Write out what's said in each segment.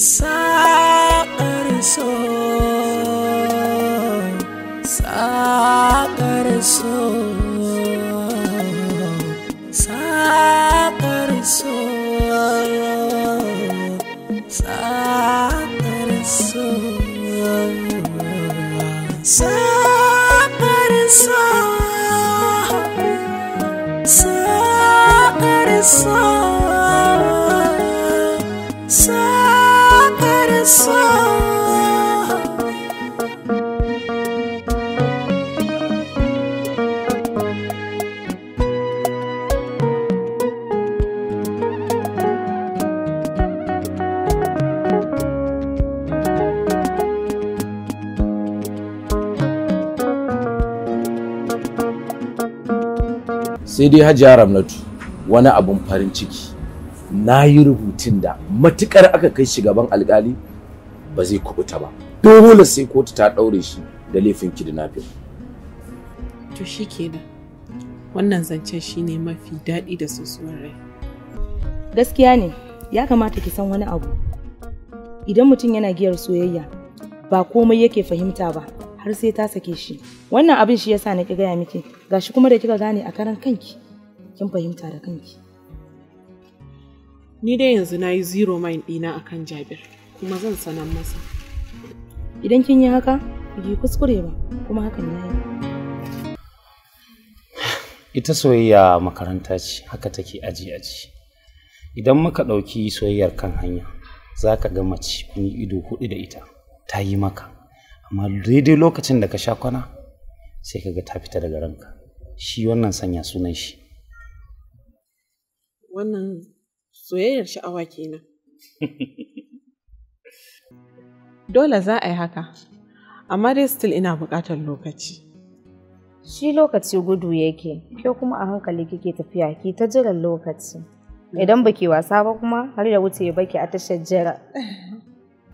saƙar so so sai dai hajiya ramnatu wani abun farin ciki na yi rubutun da matukar aka kai shi gaban alkali ba zai kubuta ba dole sai kotu ta daure shi da laifin kidnapping to shikenan wannan zancen shine mafi daɗi da sosuwar rai gaskiya ne ya kamata ki san wani abu idan mutum yana giyar soyayya ba komai yake fahimta ba har sai ta sake shi wannan abin shi yasa na ki gaya miki gashi kuma da kika gane a karan kanki kin fahimta da kanki ni dai yanzu na yi zero mind ɗina a kan jabir kuma zan sanar masa idan kin yi haka ki kuskure ba kuma hakan ya ita soyayya makaranta ce haka take aji aji idan muka ɗauki soyayyar kan hanya za ka ga mace kun yi ido hudu da ita ta yi maka amma daidai lokacin da ka sha kwana sai ka ga ta fita daga ranka shi wannan sanya sunan shi wannan soyayyar sha'awa kenan dole za a yi haka amma dai still ina buƙatar lokaci shi lokaci gudu yake ke kuma a hankali kike tafiya ki ta jiran lokaci idan baki wasa ba kuma har da wuce baki a tashar jira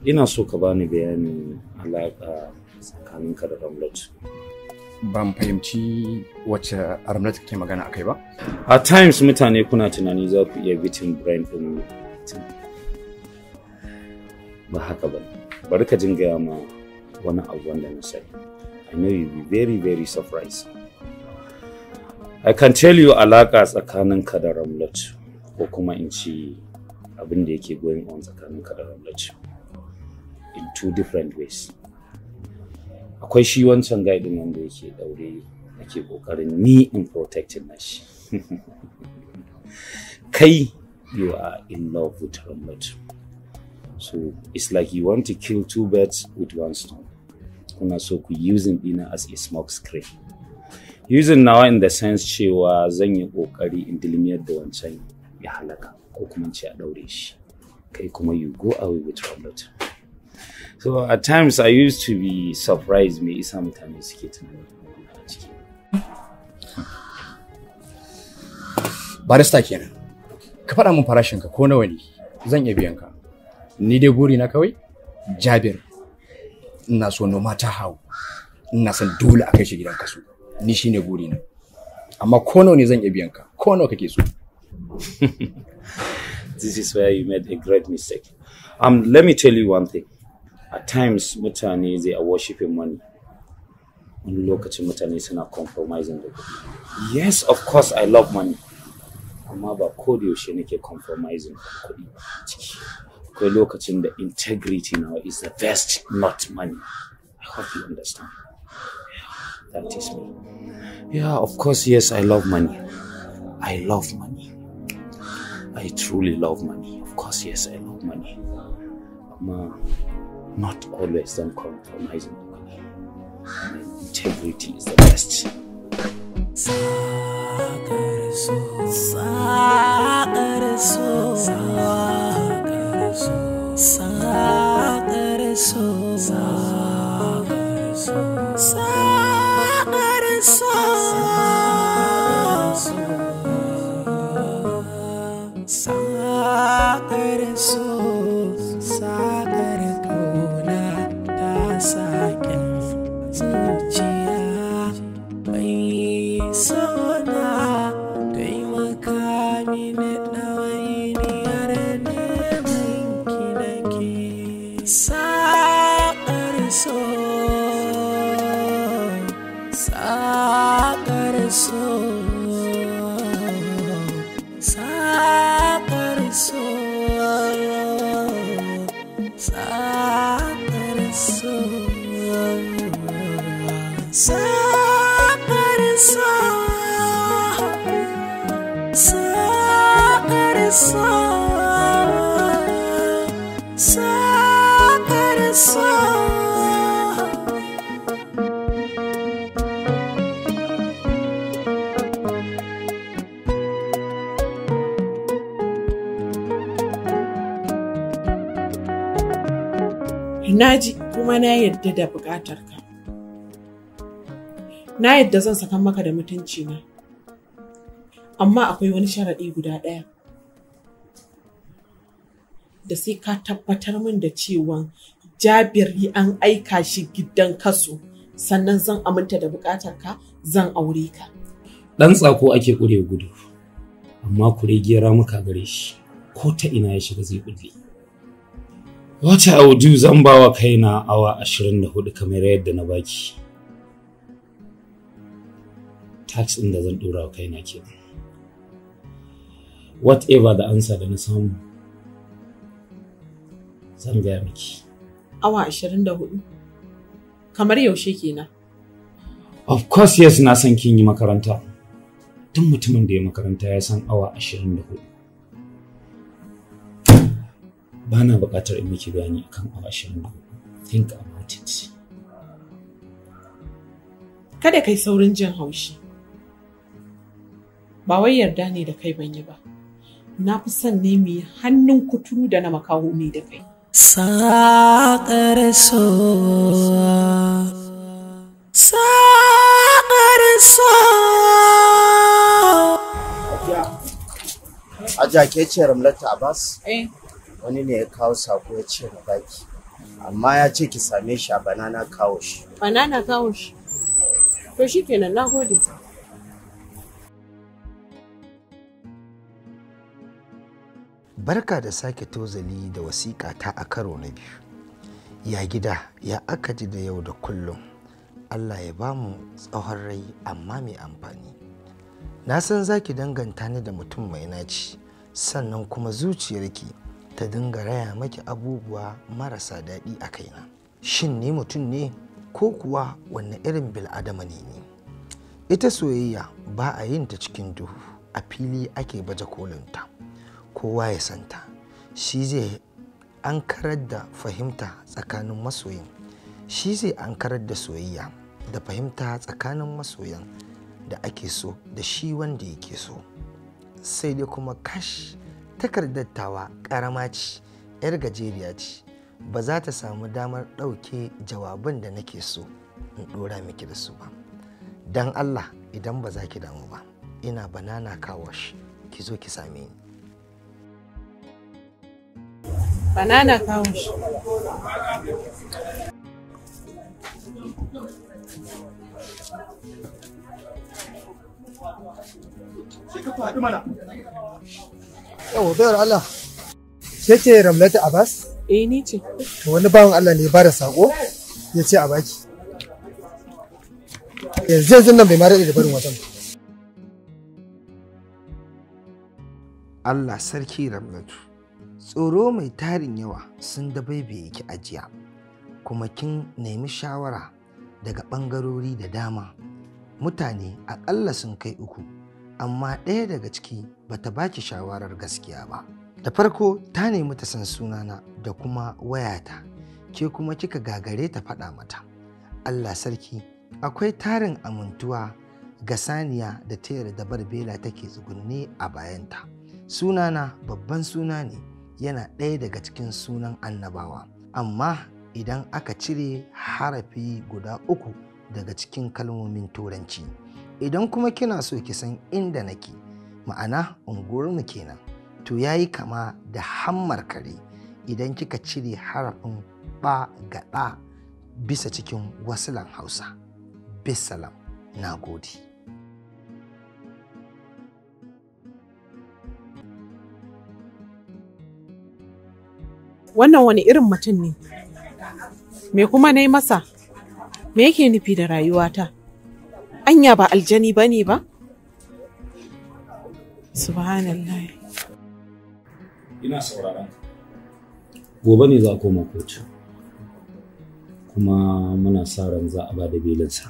ina so ka bani bayani alaƙa tsakaninka da ramlat ban fahimci wacce armlet ke magana akai ba A times mutane kuna tunani za ku iya bitin brain din mutum ba haka ba bari ka jin gaya ma wani abu wanda na sani i know you be very very surprised i can tell you alaka tsakanin ka da ramlet ko kuma in ci abin da yake going on tsakanin ka da ramlet in two different ways akwai shi wancan guy din wanda yake daure ake kokarin ni in protecting shi. kai you are in love with her so it's like you want to kill two birds with one stone kuna so ku using dina as a smoke screen using nawa in the sense cewa zan yi kokari in dilmiyar da wancan ya halaka ko kuma ce a daure shi kai kuma you go away with her so at times i used to be surprised me isa mutane suke tunanin ciki barista kenan ka faɗa mun farashin ka ko nawa ne zan iya biyan ka ni dai guri na kawai jabir ina so noma ta hau ina son dole a kai shi gidan kasu ni shine guri na amma ko nawa ne zan iya biyan ka ko nawa kake so this is where you made a great mistake um let me tell you one thing at times mutane they are worshiping money wani lokacin mutane suna compromising da kuɗi yes of course i love money amma ba ko da yaushe nake compromising kuɗi ciki akwai lokacin da integrity now is the best not money i hope you understand that is me yeah of course yes i love money i love money i truly love money of course yes i love money amma not always uncompromising Integrity is the best. naji kuma na yadda da buƙatar ka na yadda zan saka maka da mutunci na amma akwai wani sharaɗi guda ɗaya da sai ka tabbatar min da cewa jabiri an aika shi gidan kaso sannan zan aminta da bukatar ka zan aure ka dan tsako ake kure gudu amma kure gera muka gare shi ko ta ina ya shiga zai kulle Wata audu zan ba wa kaina awa 24 kamar yadda na baki. Tax ɗin da zan ɗora wa kaina ke. Whatever the answer da na samu, zan gaya miki. awa 24 kamar yaushe kenan of course yes na san kin yi makaranta duk mutumin da ya makaranta ya san awa 24 ba na buƙatar in miki bayani akan awa 24 think about it kada kai saurin jin haushi ba wai yarda ne da kai ban yi ba na fi son ne mu hannun kuturu da na makaho ne da kai saƙar sowa saƙar sowa Aja, ke ce ramlata abbas eh. wani ne ya kawo sako ya ce na baki amma ya ce ki same shi a banana kawo shi banana kawo shi to shi kenan na gode barka da sake tozali da wasiƙa ta a karo na biyu ya gida ya aka ji da yau da kullum allah ya ba mu tsawon rai amma mai amfani na san za ki danganta ni da mutum mai naci sannan kuma zuciyarki ta dinga raya maki abubuwa marasa daɗi a kaina shin ni mutum ne ko kuwa wanne irin bil'adama ne ne ita soyayya ba a yin ta cikin duhu a fili ake baje kolinta kowa ya santa shi zai ankarar da fahimta tsakanin masoyin shi zai ankarar da soyayya da fahimta tsakanin masoyan da ake so da shi wanda yake so sai dai kuma kash takardar tawa karama ce 'yar gajeriya ce ba za ta samu damar ɗauke jawaban da nake so in ɗora miki da su ba don allah idan ba za ki damu ba ina banana shi ki zo ki same ni banana couch Yawa bayar Allah. Ke ce Ramlata Abbas? Eh ni ce. To wani bawan Allah ne ba da sako ya ce a baki. Yanzu yanzu nan bai ma da barin wajen. Allah sarki Ramlatu. tsoro mai tarin yawa sun da ki ajiya kuma kin nemi shawara daga ɓangarori da dama mutane aƙalla sun kai uku amma ɗaya daga ciki bata baki shawarar gaskiya ba da farko ta nemi ta san sunana da kuma wayata ke kuma kika gagare ta faɗa mata allah sarki akwai tarin amintuwa ga saniya da ta yarda barbela take tsugunne a bayanta sunana babban suna ne yana ɗaya daga cikin sunan annabawa amma idan aka cire harafi guda uku daga cikin kalmomin turanci idan kuma kina so ki san inda nake ma'ana unguwarmu kenan to ya yi kama da hammar kare idan kika cire harafin ba ga bisa cikin wasilan hausa bisalam na godi. wannan wani irin mutum ne me kuma na yi masa me yake nufi da rayuwata anya ba aljani ba ne ba subhanallah ina sauraron gobe ne za a koma kotu kuma muna sa ran za a ba da belinsa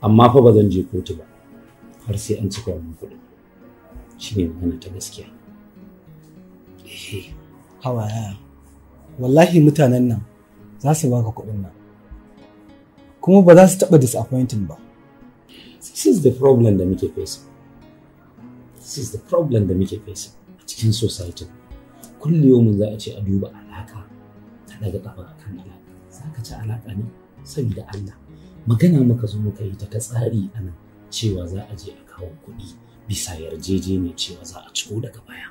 amma fa ba zan je kotu ba har sai an cika wannan kuɗin shi ne magana ta gaskiya hawa yaya wallahi mutanen nan za su baka kuɗin nan kuma ba za su taɓa disappointing ba this is the problem da muke facing this is the problem da muke a cikin society kulli yau za a ce a duba alaka ta daga kafa akan alaka za ka ci alaka ne saboda Allah magana muka zo muka yi ta ta tsari a nan cewa za a je a kawo kuɗi bisa yarjejeniyar cewa za a ciko daga baya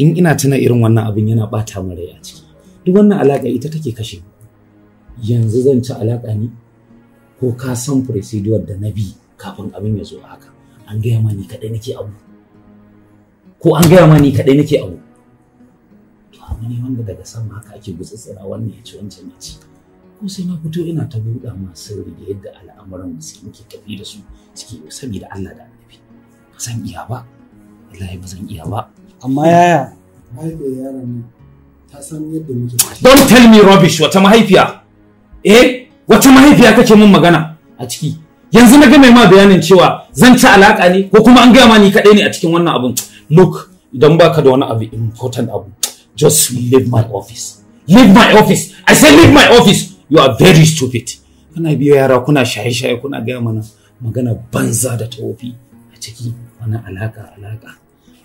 in ina tuna irin wannan abin yana bata min rai a ciki duk wannan alaka ita take kashe yanzu zan ci alaka ne ko ka san procedure da na bi kafin abin ya zo haka an gaya ma ni kaɗai nake abu ko an gaya ma ni kaɗai nake abu to abu ne wanda daga sama haka ake gutsutsura wannan ya ci wancan ya ci ko sai na fito ina ta buɗa ma sirri da yadda al'amuran su muke tafi da su ciki saboda Allah da annabi ba zan iya ba wallahi ba zan iya ba amma yaya mahaifiyar don't tell me rubbish wata mahaifiya eh wata mahaifiya kake mun magana a ciki yanzu na ga mai ma bayanin cewa zan ci alaka ne ko kuma an gaya ma ni kaɗai ne a cikin wannan abun look idan baka da wani abu important abu just leave my office leave my office i say leave my office you are very stupid kana biyo yara kuna shaye-shaye kuna gaya mana magana banza da tawofi a ciki wani alaka alaka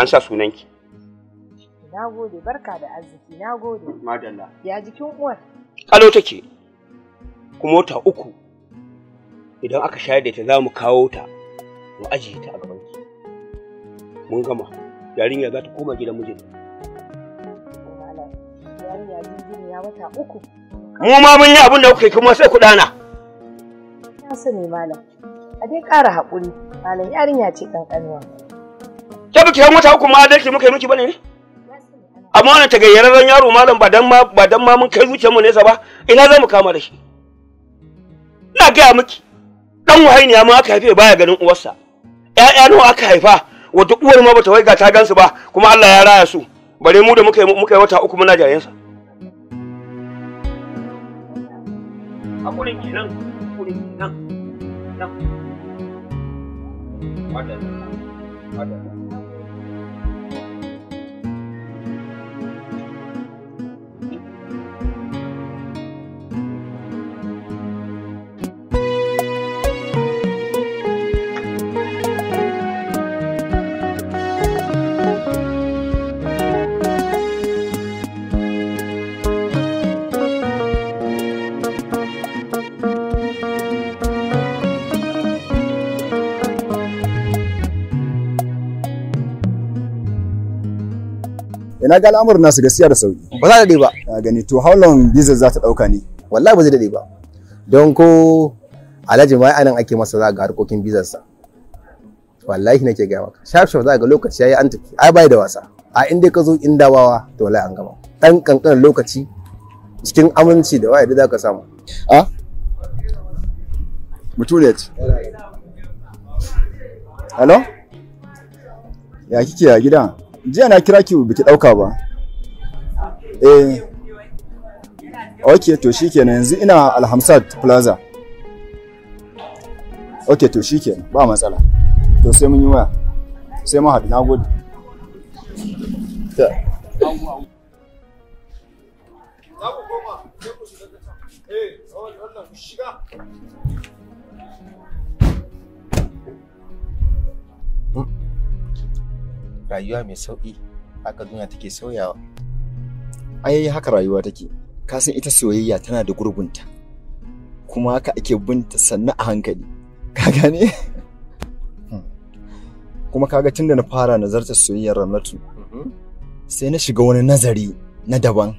an sa sunanki na gode barka da arziki na gode madalla ya jikin uwar kalo take kuma wata uku idan aka shayar da ta za mu kawo ta mu ajiye ta a gabanki mun gama yarinya za ta koma gidan mijinta wata uku mu ma mun yi abin da kuke kuma sai ku dana na sani malam a dai ƙara haƙuri malam yarinya ce ƙanƙanuwa miki yan wata uku ma adalci muka yi miki bane ne amma wannan tagayyararren yaro malam ba dan ma ba dan ma mun kai zuciyar mu nesa ba ina za mu kama da shi na gaya miki dan wahainiya ma aka haife baya ganin uwarsa ƴaƴa nawa aka haifa wata uwar ma bata waiga ta gansu ba kuma Allah ya raya su bare mu da muka yi wata uku muna jayensa hakurin kinan, hakurin kinan, nan wadda wadda na ga al'amuran nasu gaskiya da sauki ba za ta dade ba na gani to how long visa za ta dauka ne wallahi ba zai dade ba don ko alhaji ma anan ake masa za ga harkokin bizar sa wallahi nake gaya maka sharp sharp za ga lokaci yayi an tafi ai bai da wasa a inda ka zo inda bawa to wallahi an gama dan kankan lokaci cikin aminci da waye da za ka samu a mutum ne Hello? Ya kike a gidan? jiya na kira ki biki dauka ba eh ok to shikenan yanzu ina alhamsat plaza ok to shikenan ba matsala to sai mun yi waya sai mun haɗu na gode shiga rayuwa mai sauƙi haka duniya take sauyawa ai haka rayuwa take Kasan ita soyayya tana da gurgunta kuma haka ake binta sannu a hankali ka gane hmm. kuma kaga tunda na fara nazarta soyayyar ramatu mm-hmm. sai na shiga wani nazari na daban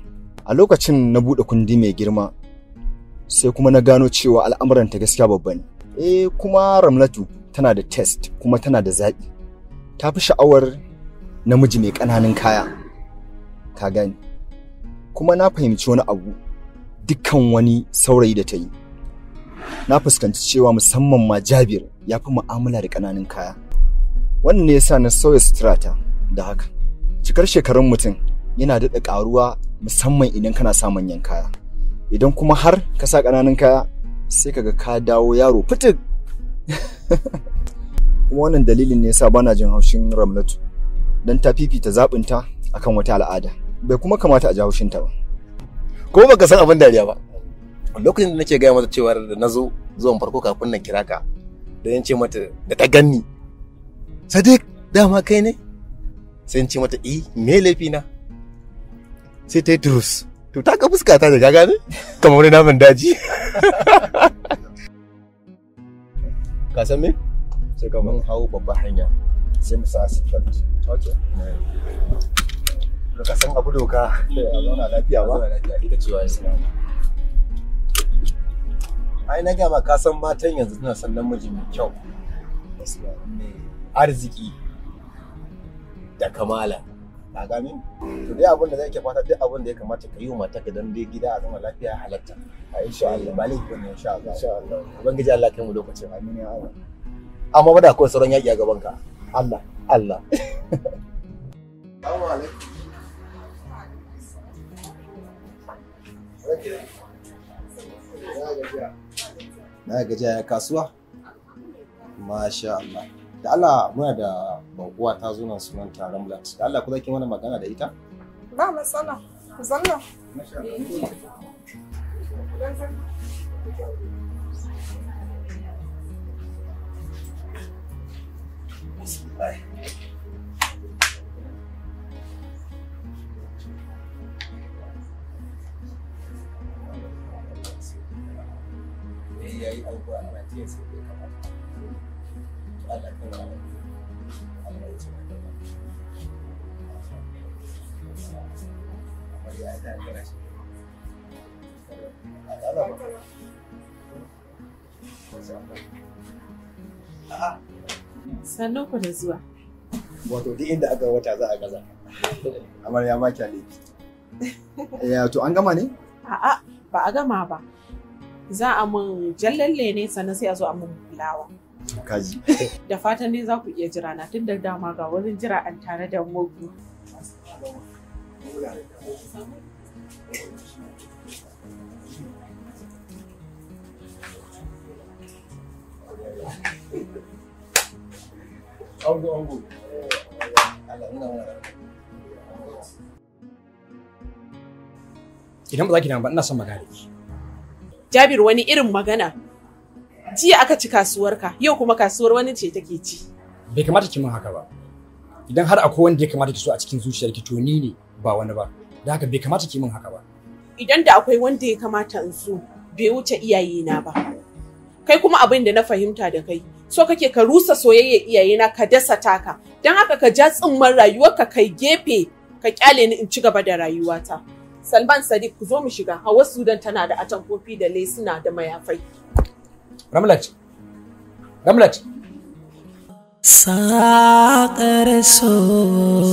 a lokacin na buɗe kundi mai girma sai kuma na gano cewa al'amuran ta gaskiya babba ne eh kuma ramlatu tana da test kuma tana da zaɓi ta fi sha'awar namiji mai ƙananan kaya ka gani kuma na fahimci wani abu dukkan wani saurayi da ta yi na fuskanci cewa musamman ma jabir ya fi mu'amala da ƙananan kaya wannan ne yasa na sauya suturata da haka cikar shekarun mutum yana daɗa ƙaruwa musamman idan kana sa manyan kaya idan kuma har ka sa ƙananan kaya sai kaga ka dawo yaro fitik kuma wannan dalilin ne yasa bana jin haushin ramlatu Dan ta fifita zaɓinta akan wata al'ada bai kuma kamata a ji haushinta ba ko baka san abin dariya ba lokacin da nake gaya mata cewa da na zo zuwan farko kafin na kira ka da yan ce mata da ta ganni sadiq dama kai ne sai ce mata eh me laifi na sai ta yi turus to ta ka fuska ta da gane kamar wani naman daji ka san me sai kamar hau babban hanya sai mu sa seatbelt eh. ka san abu doka eh, a zauna lafiya ba ita ce ai na gama ka san matan yanzu suna son namiji mai kyau arziki da kamala a to dai abin da zai ke fata duk abin da ya kamata ka yi wa mata ka dai gida a zama lafiya halatta a insha Allah eh, ba laifi ne insha Allah ubangiji Allah kai mu lokacin amin ya Allah amma ba da akwai sauran yaki a gaban ka Allah Allah Na ya kasuwa? Masha Allah. Da Allah muna da bakuwa ta zo nan sunan taron Blatt. Da Allah mana magana da ita? Bismillah. ya yi abubuwa a Najeriya sai bai kamata. Allah kan wa Allah ya ce wa da ba. sannan ku da zuwa wato duk inda aka wata za a gaza amarya ma maki ne. ya to an gama ne a'a ba a gama ba za a mun jallalle ne sannan sai a zo a mun fulawa kaji da fatan ne za ku iya jira na tun da dama ga wurin jira an tare da mugu Thank you. idan ba za ki damu ba ina son magana ki Jabir wani irin magana jiya aka ci kasuwarka yau kuma kasuwar wani ce take ci bai kamata ki min haka ba idan har akwai wanda ya kamata ki so a cikin zuciyarki to ni ne ba wani ba da haka bai kamata ki min haka ba idan da akwai wanda ya kamata in so bai wuce iyayena ba kai kuma abin da na fahimta da kai so kake ka rusa soyayya iyayena ka dasa taka don haka ka ja tsimman rayuwarka kai gefe ka kyale ni in ci gaba da rayuwata salman sadiq ku zo mu shiga hawa sudan tana da atamfofi da lesuna da mayafai ramlat ramlat saƙar so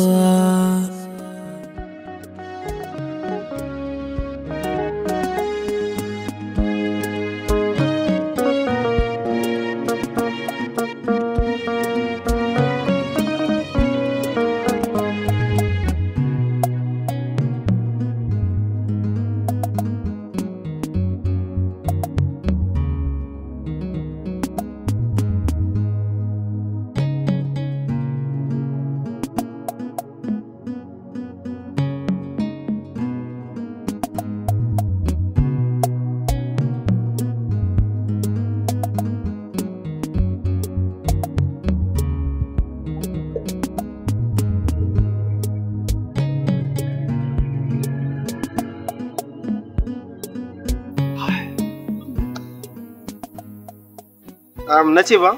Am na ce ba?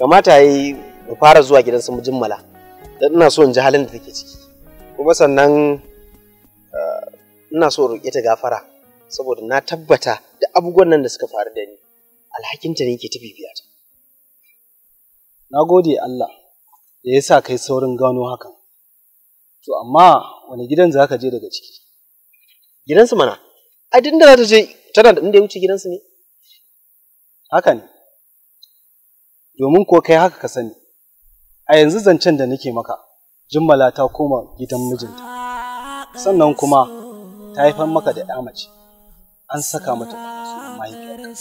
Kamata yi mu fara zuwa gidan su jimmala. Dan ina so in ji halin da take ciki. Kuma sannan ah, ina so roƙe ta gafara saboda na tabbata da abubuwan nan da suka faru da ni alhakinta ne ke ta bibiyata. Na gode Allah da ya sa kai saurin gano hakan. To amma wani gidan za ka je daga ciki? Gidansu mana, ai dinda da za ta je tana da inda ya wuce gidansu ne? haka ne domin ko kai haka ka sani a yanzu zancen da nake maka jimmala ta koma gidan mijinta sannan kuma ta haifar maka da ya mace an saka mata mahaifiyarka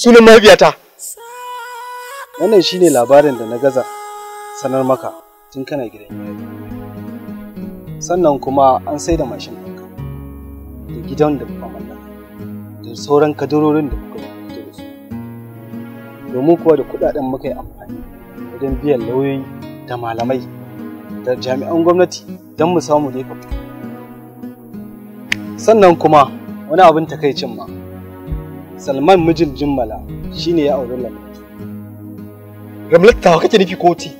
sunan mahaifiyata wannan shine labarin da na gaza sanar maka tun kana gidan sannan kuma an sai da mashin da gidan da da sauran kadarorin da kuka fito da su domin kuwa da kudaden muka yi amfani wajen biyan lauyoyi da malamai da jami'an gwamnati don mu samu ne sannan kuma wani abin takaicin ma salman mijin jimmala ne ya auri lamlatu ramlat ta kake nufi koti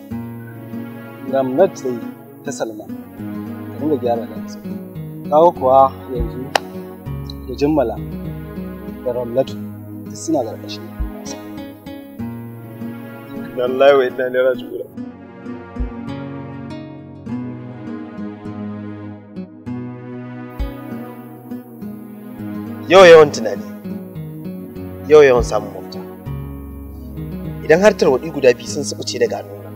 ramlat dai ta salman ka dinga gyara da kawo kuwa yanzu da jimmala da duk suna wa yau yawan tunani yau yawan samun mota, idan har tarwaɗi guda biyu sun subuce daga nuna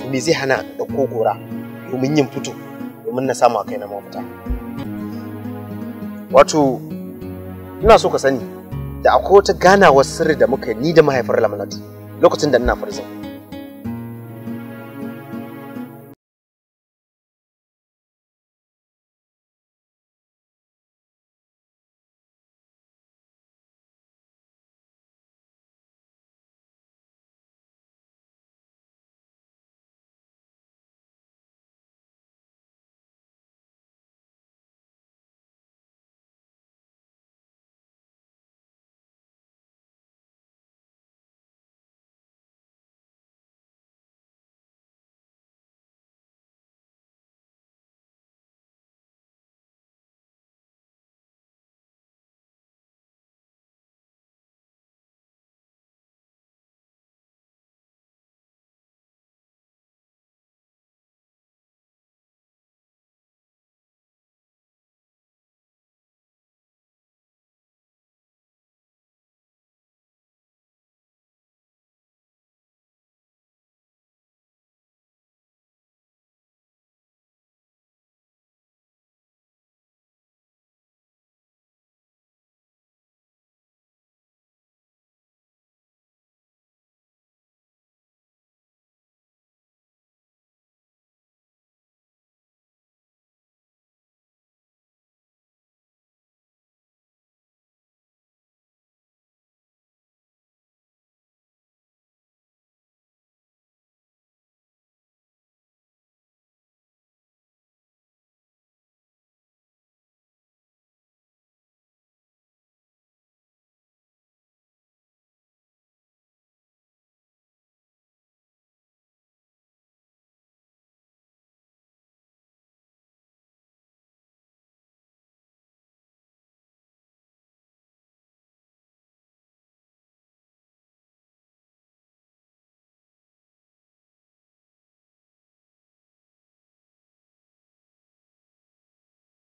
to me zai hana ɗauko gora domin yin fito domin na samu kai na mafita wato ina so ka sani da akwai wata ganawar sirri da muka yi ni da mahaifar lamunatu lokacin da ina farzan.